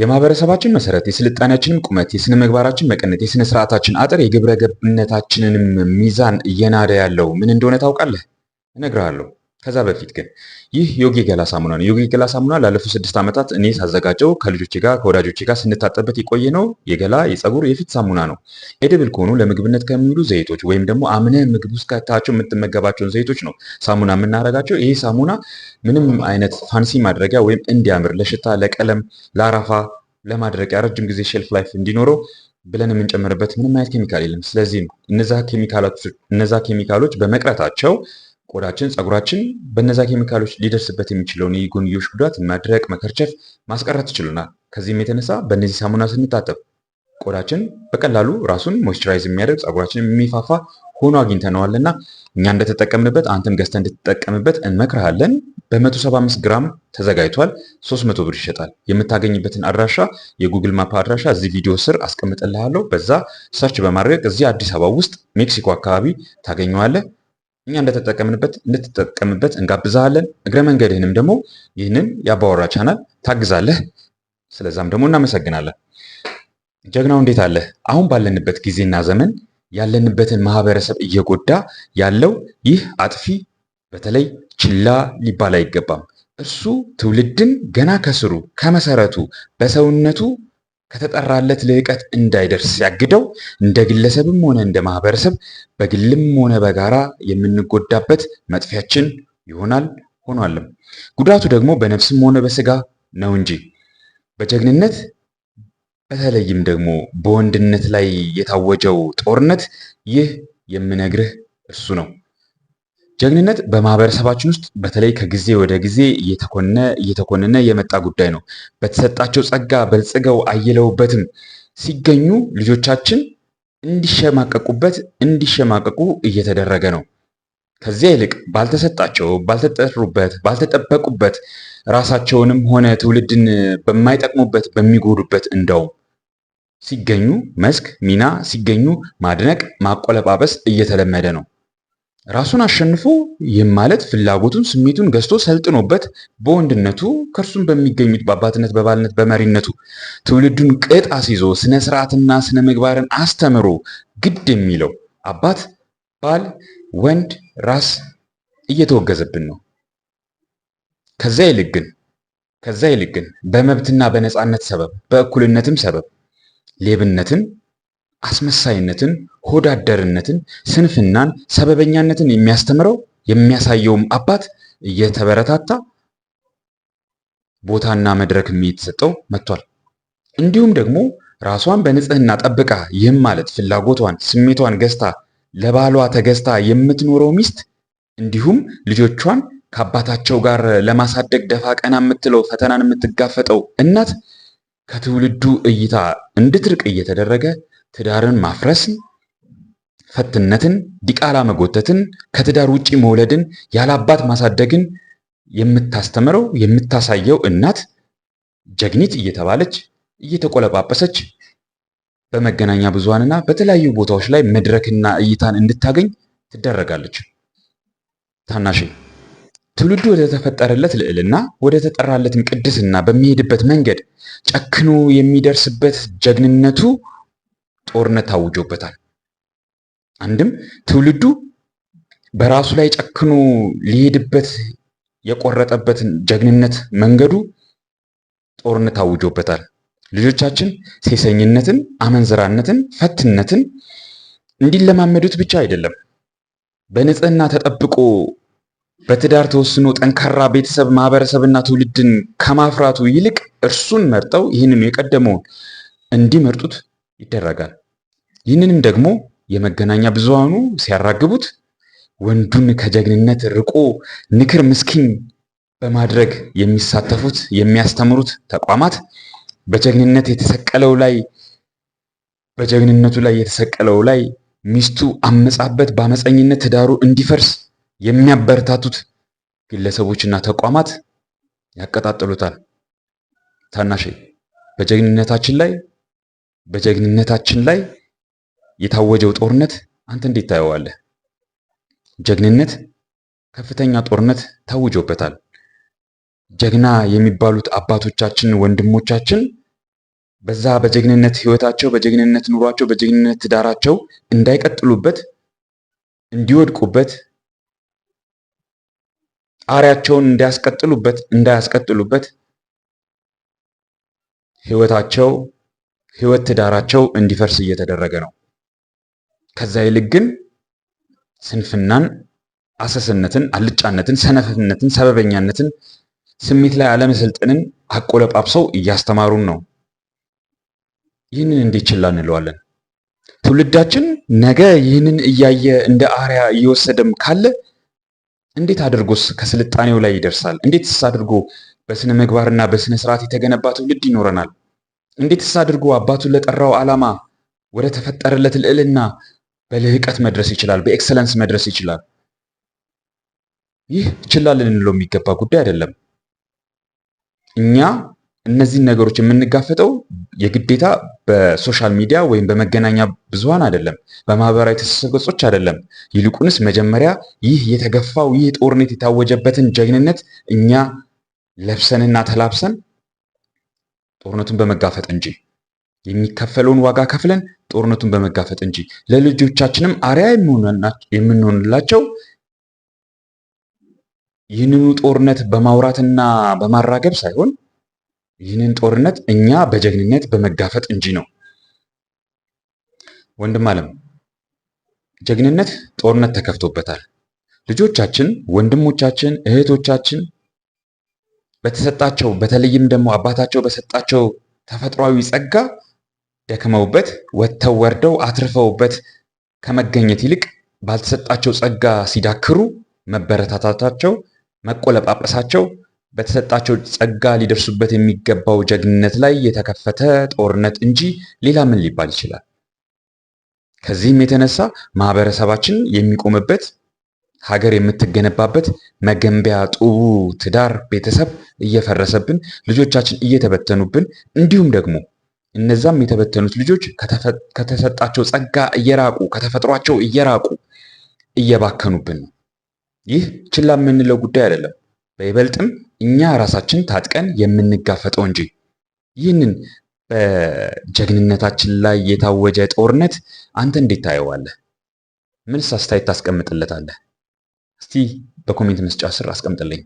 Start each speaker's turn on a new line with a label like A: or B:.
A: የማህበረሰባችን መሰረት፣ የስልጣኔያችንም ቁመት፣ የስነ ምግባራችን መቀነት፣ የስነ ስርዓታችን አጥር፣ የግብረ ገብነታችንንም ሚዛን እየናደ ያለው ምን እንደሆነ ታውቃለህ? እነግርሃለሁ። ከዛ በፊት ግን ይህ ዮጊ ገላ ሳሙና ነው። ዮጊ ገላ ሳሙና ላለፉት ስድስት ዓመታት እኔ ሳዘጋጀው ከልጆች ጋር ከወዳጆች ጋር ስንታጠበት የቆየ ነው። የገላ የፀጉር፣ የፊት ሳሙና ነው። ኤድብል ከሆኑ ለምግብነት ከሚውሉ ዘይቶች ወይም ደግሞ አምነ ምግብ ውስጥ ከታቸው የምትመገባቸውን ዘይቶች ነው ሳሙና የምናደርጋቸው። ይህ ሳሙና ምንም አይነት ፋንሲ ማድረጊያ ወይም እንዲያምር ለሽታ፣ ለቀለም፣ ለአረፋ፣ ለማድረቂያ ረጅም ጊዜ ሼልፍ ላይፍ እንዲኖረው ብለን የምንጨምርበት ምንም አይነት ኬሚካል የለም። ስለዚህ ነው እነዛ ኬሚካሎች በመቅረታቸው ቆዳችን፣ ጸጉራችን በእነዛ ኬሚካሎች ሊደርስበት የሚችለውን የጎንዮሽ ጉዳት መድረቅ፣ መከርቸፍ ማስቀረት ይችሉናል። ከዚህም የተነሳ በእነዚህ ሳሙና ስንታጠብ ቆዳችን በቀላሉ ራሱን ሞይስቸራይዝ የሚያደርግ ጸጉራችን የሚፋፋ ሆኖ አግኝተነዋል እና እኛ እንደተጠቀምንበት አንተም ገዝተ እንድትጠቀምበት እንመክርሃለን። በ175 ግራም ተዘጋጅቷል። 300 ብር ይሸጣል። የምታገኝበትን አድራሻ የጉግል ማፕ አድራሻ እዚህ ቪዲዮ ስር አስቀምጥልሃለሁ። በዛ ሰርች በማድረግ እዚህ አዲስ አበባ ውስጥ ሜክሲኮ አካባቢ ታገኘዋለህ። እኛ እንደተጠቀምንበት እንድትጠቀምበት እንጋብዛለን እግረ መንገድህንም ደግሞ ይህንን የአባወራ ቻናል ታግዛለህ። ስለዛም ደግሞ እናመሰግናለን። ጀግናው እንዴት አለህ? አሁን ባለንበት ጊዜና ዘመን ያለንበትን ማህበረሰብ እየጎዳ ያለው ይህ አጥፊ በተለይ ችላ ሊባል አይገባም። እርሱ ትውልድን ገና ከስሩ ከመሰረቱ በሰውነቱ ከተጠራለት ልዕቀት እንዳይደርስ ያግደው። እንደ ግለሰብም ሆነ እንደ ማህበረሰብ በግልም ሆነ በጋራ የምንጎዳበት መጥፊያችን ይሆናል ሆኗልም። ጉዳቱ ደግሞ በነፍስም ሆነ በስጋ ነው እንጂ በጀግንነት በተለይም ደግሞ በወንድነት ላይ የታወጀው ጦርነት ይህ የምነግርህ እሱ ነው። ጀግንነት በማህበረሰባችን ውስጥ በተለይ ከጊዜ ወደ ጊዜ እየተኮነነ የመጣ ጉዳይ ነው። በተሰጣቸው ጸጋ በልጽገው አየለውበትም ሲገኙ ልጆቻችን እንዲሸማቀቁበት እንዲሸማቀቁ እየተደረገ ነው። ከዚያ ይልቅ ባልተሰጣቸው፣ ባልተጠሩበት፣ ባልተጠበቁበት ራሳቸውንም ሆነ ትውልድን በማይጠቅሙበት በሚጎዱበት እንደውም ሲገኙ መስክ ሚና ሲገኙ ማድነቅ ማቆለጳበስ እየተለመደ ነው። ራሱን አሸንፎ ይህም ማለት ፍላጎቱን ስሜቱን ገዝቶ ሰልጥኖበት በወንድነቱ ከእርሱም በሚገኙት በአባትነት በባልነት በመሪነቱ ትውልዱን ቅጥ አስይዞ ስነ ስርዓትና ስነ ምግባርን አስተምሮ ግድ የሚለው አባት፣ ባል፣ ወንድ፣ ራስ እየተወገዘብን ነው። ከዛ ይልቅ ግን ከዛ ይልቅ ግን በመብትና በነፃነት ሰበብ በእኩልነትም ሰበብ ሌብነትን አስመሳይነትን፣ ሆዳደርነትን፣ ስንፍናን፣ ሰበበኛነትን የሚያስተምረው የሚያሳየውም አባት እየተበረታታ ቦታና መድረክ የሚሰጠው መጥቷል። እንዲሁም ደግሞ ራሷን በንጽህና ጠብቃ ይህም ማለት ፍላጎቷን፣ ስሜቷን ገዝታ ለባሏ ተገዝታ የምትኖረው ሚስት እንዲሁም ልጆቿን ከአባታቸው ጋር ለማሳደግ ደፋ ቀና የምትለው ፈተናን የምትጋፈጠው እናት ከትውልዱ እይታ እንድትርቅ እየተደረገ ትዳርን ማፍረስ፣ ፈትነትን፣ ዲቃላ መጎተትን፣ ከትዳር ውጪ መውለድን፣ ያላባት ማሳደግን የምታስተምረው የምታሳየው እናት ጀግኒት እየተባለች እየተቆለጳጰሰች በመገናኛ ብዙሃንና በተለያዩ ቦታዎች ላይ መድረክና እይታን እንድታገኝ ትደረጋለች። ታናሽ ትውልዱ ወደ ተፈጠረለት ልዕልና ወደ ተጠራለትም ቅድስና በሚሄድበት መንገድ ጨክኖ የሚደርስበት ጀግንነቱ ጦርነት ታውጆበታል። አንድም ትውልዱ በራሱ ላይ ጨክኖ ሊሄድበት የቆረጠበትን ጀግንነት መንገዱ ጦርነት ታውጆበታል። ልጆቻችን ሴሰኝነትን፣ አመንዝራነትን፣ ፈትነትን እንዲለማመዱት ብቻ አይደለም በንጽህና ተጠብቆ በትዳር ተወስኖ ጠንካራ ቤተሰብ ማህበረሰብና ትውልድን ከማፍራቱ ይልቅ እርሱን መርጠው ይህንም የቀደመውን እንዲመርጡት ይደረጋል። ይህንንም ደግሞ የመገናኛ ብዙሃኑ ሲያራግቡት ወንዱን ከጀግንነት ርቆ ንክር ምስኪን በማድረግ የሚሳተፉት የሚያስተምሩት ተቋማት በጀግንነት የተሰቀለው ላይ በጀግንነቱ ላይ የተሰቀለው ላይ ሚስቱ አመጻበት በአመፀኝነት ትዳሩ እንዲፈርስ የሚያበረታቱት ግለሰቦችና ተቋማት ያቀጣጥሉታል። ታናሽ በጀግንነታችን ላይ በጀግንነታችን ላይ የታወጀው ጦርነት አንተ እንዴት ታየዋለህ? ጀግንነት ከፍተኛ ጦርነት ታውጆበታል። ጀግና የሚባሉት አባቶቻችን፣ ወንድሞቻችን በዛ በጀግንነት ህይወታቸው፣ በጀግንነት ኑሯቸው፣ በጀግንነት ትዳራቸው እንዳይቀጥሉበት እንዲወድቁበት ጣሪያቸውን እንዳያስቀጥሉበት እንዳያስቀጥሉበት ህይወታቸው ህይወት ትዳራቸው እንዲፈርስ እየተደረገ ነው። ከዛ ይልቅ ግን ስንፍናን፣ አሰስነትን፣ አልጫነትን፣ ሰነፍነትን፣ ሰበበኛነትን፣ ስሜት ላይ አለመሰልጠንን አቆለጳጵሰው እያስተማሩን ነው። ይህንን እንዴት ችላ እንለዋለን? ትውልዳችን ነገ ይህንን እያየ እንደ አርያ እየወሰደም ካለ እንዴት አድርጎስ ከስልጣኔው ላይ ይደርሳል? እንዴትስ አድርጎ በስነ ምግባርና በስነ ስርዓት የተገነባ ትውልድ ይኖረናል? እንዴትስ አድርጎ አባቱን ለጠራው ዓላማ ወደ ተፈጠረለት ልዕልና በልህቀት መድረስ ይችላል፣ በኤክሰለንስ መድረስ ይችላል። ይህ ችላ ልንለው የሚገባ ጉዳይ አይደለም። እኛ እነዚህን ነገሮች የምንጋፈጠው የግዴታ በሶሻል ሚዲያ ወይም በመገናኛ ብዙሃን አይደለም፣ በማህበራዊ ትስስር ገጾች አይደለም። ይልቁንስ መጀመሪያ ይህ የተገፋው ይህ ጦርነት የታወጀበትን ጀግንነት እኛ ለብሰንና ተላብሰን ጦርነቱን በመጋፈጥ እንጂ የሚከፈለውን ዋጋ ከፍለን ጦርነቱን በመጋፈጥ እንጂ ለልጆቻችንም አርያ የምንሆንላቸው ይህንኑ ጦርነት በማውራትና በማራገብ ሳይሆን ይህንን ጦርነት እኛ በጀግንነት በመጋፈጥ እንጂ ነው። ወንድም አለም ጀግንነት ጦርነት ተከፍቶበታል። ልጆቻችን፣ ወንድሞቻችን፣ እህቶቻችን በተሰጣቸው በተለይም ደግሞ አባታቸው በሰጣቸው ተፈጥሯዊ ጸጋ ደክመውበት ወጥተው ወርደው አትርፈውበት ከመገኘት ይልቅ ባልተሰጣቸው ጸጋ ሲዳክሩ መበረታታታቸው፣ መቆለጳጳሳቸው በተሰጣቸው ጸጋ ሊደርሱበት የሚገባው ጀግንነት ላይ የተከፈተ ጦርነት እንጂ ሌላ ምን ሊባል ይችላል? ከዚህም የተነሳ ማህበረሰባችን የሚቆምበት ሀገር የምትገነባበት መገንቢያ ጡቡ ትዳር፣ ቤተሰብ እየፈረሰብን ልጆቻችን እየተበተኑብን እንዲሁም ደግሞ እነዛም የተበተኑት ልጆች ከተሰጣቸው ጸጋ እየራቁ ከተፈጥሯቸው እየራቁ እየባከኑብን ነው። ይህ ችላ የምንለው ጉዳይ አይደለም፣ በይበልጥም እኛ ራሳችን ታጥቀን የምንጋፈጠው እንጂ። ይህንን በጀግንነታችን ላይ የታወጀ ጦርነት አንተ እንዴት ታየዋለህ? ምንስ አስተያየት ታስቀምጥለታለህ? እስቲ በኮሜንት መስጫ ስር አስቀምጥልኝ።